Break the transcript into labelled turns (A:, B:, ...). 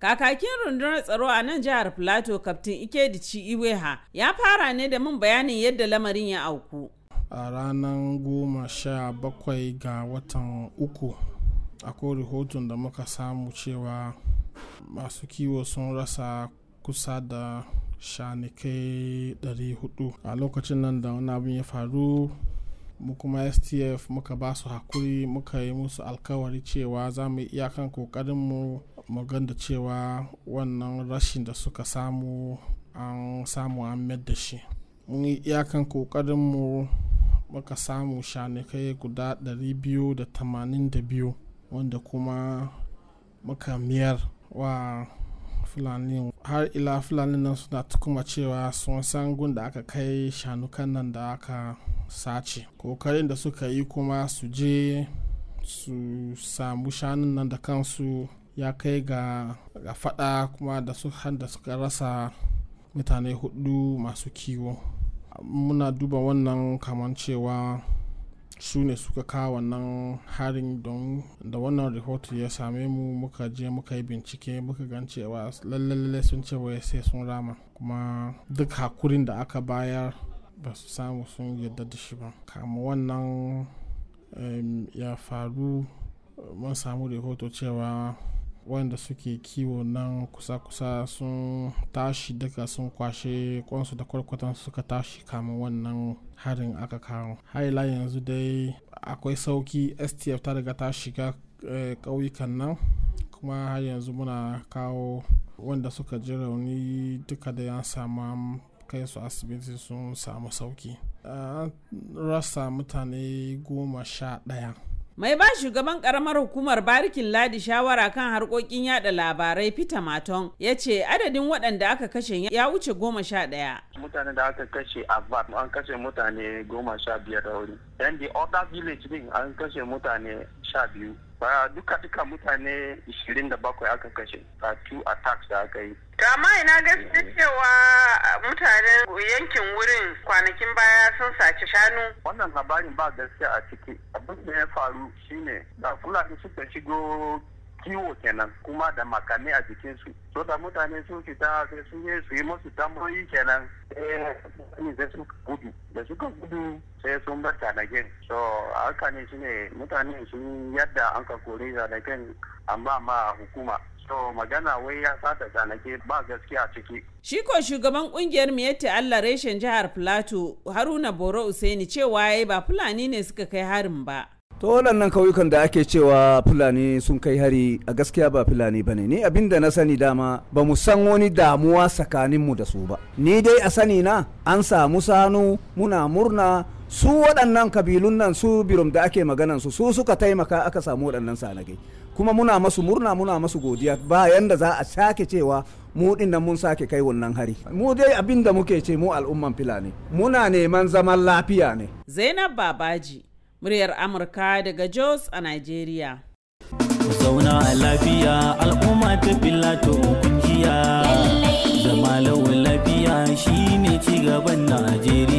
A: Kakakin rundunar tsaro a nan jihar Plateau, Kaftin Ikedici Iweha, ya fara ne da mun bayanin yadda lamarin ya auku.
B: A ranar goma sha bakwai ga watan uku, akwai rahoton da muka samu cewa masu kiwo sun rasa kusa da shanikai 400 a lokacin nan da wani abin ya faru mu kuma stf muka ba su hakuri muka yi musu alkawari cewa za mu iyakan kokarinmu maganda cewa wannan rashin da suka samu an samu an da shi mun yi iyakan kokarinmu muka samu shanikai guda 282 wanda kuma muka miyar wa fulani har ila fulani nan suna tukuma cewa sun san gun da aka kai shanukan nan da aka sace kokarin da suka yi kuma su je su samu shanun nan da kansu ya kai ga fada kuma da su da suka rasa mutane hudu masu kiwo muna duba wannan kamar cewa su ne suka kawo wannan harin don da wannan rahoto ya same mu muka je muka yi bincike muka gan cewa lalle sun ce wai sai sun rama kuma duk hakurin da aka bayar ba su samu sun yadda da shi ba kama wannan ya faru mun samu rahoto cewa wanda suke kiwo nan kusa-kusa sun tashi daga sun kwashe kwansu da kwarkwatan suka tashi kamun wannan harin aka kawo haila yanzu dai akwai sauki stf ta riga ta shiga eh, ƙauyukan nan kuma har yanzu muna kawo wanda suka ji rauni duka da yan samu kai su asibiti sun samu sauki an rasa mutane goma sha ɗaya
A: Mai ba shugaban karamar hukumar barikin ladi shawara kan harkokin yada labarai Peter Maton ya ce adadin waɗanda aka kashe ya wuce goma sha ɗaya.
C: Mutane da aka kashe a bar an kashe mutane goma sha biyar da wuri. yadda the other village din an kashe mutane sha biyu. ba duka duka mutane 27 aka kashe a two attacks da aka yi amma ina gaske eh. cewa ah, mutanen yankin wurin kwanakin baya sun saci shanu wannan labarin ba gaske a ciki abin da ya faru shine da fulani suka shigo kiwo kenan kuma da makami a jikinsu so da mutane sun fita sai sun yi su yi musu tambayoyi kenan eh, sai su gudu da suka gudu sai sun bar tanagen so haka ne shine mutane sun yadda an ka kori tanagen an ba ma hukuma so magana wai ya sata tsanake ba gaskiya ciki.
A: Shi ko shugaban kungiyar Miyetti Allah reshen jihar Plateau Haruna Boro Usaini cewa yayi ba Fulani ne suka kai harin ba. to waɗannan
D: kauyukan da ake cewa fulani sun kai hari a gaskiya ba fulani bane ni abin da na sani dama ba mu san wani damuwa tsakaninmu da su ba ni dai a sani na an samu sanu muna murna su waɗannan kabilun nan su birum da ake maganan su su suka taimaka aka samu waɗannan sanagai kuma muna masu murna muna masu godiya bayan da za a sake cewa mu din nan mun sake kai wannan hari mu dai abin da muke ce mu al'umman fulani muna neman zaman lafiya ne
A: zainab babaji muryar amurka daga jos a nigeria
C: zauna a lafiya al'umma ta filato kungiya zama lawan lafiya shine cigaban najeriya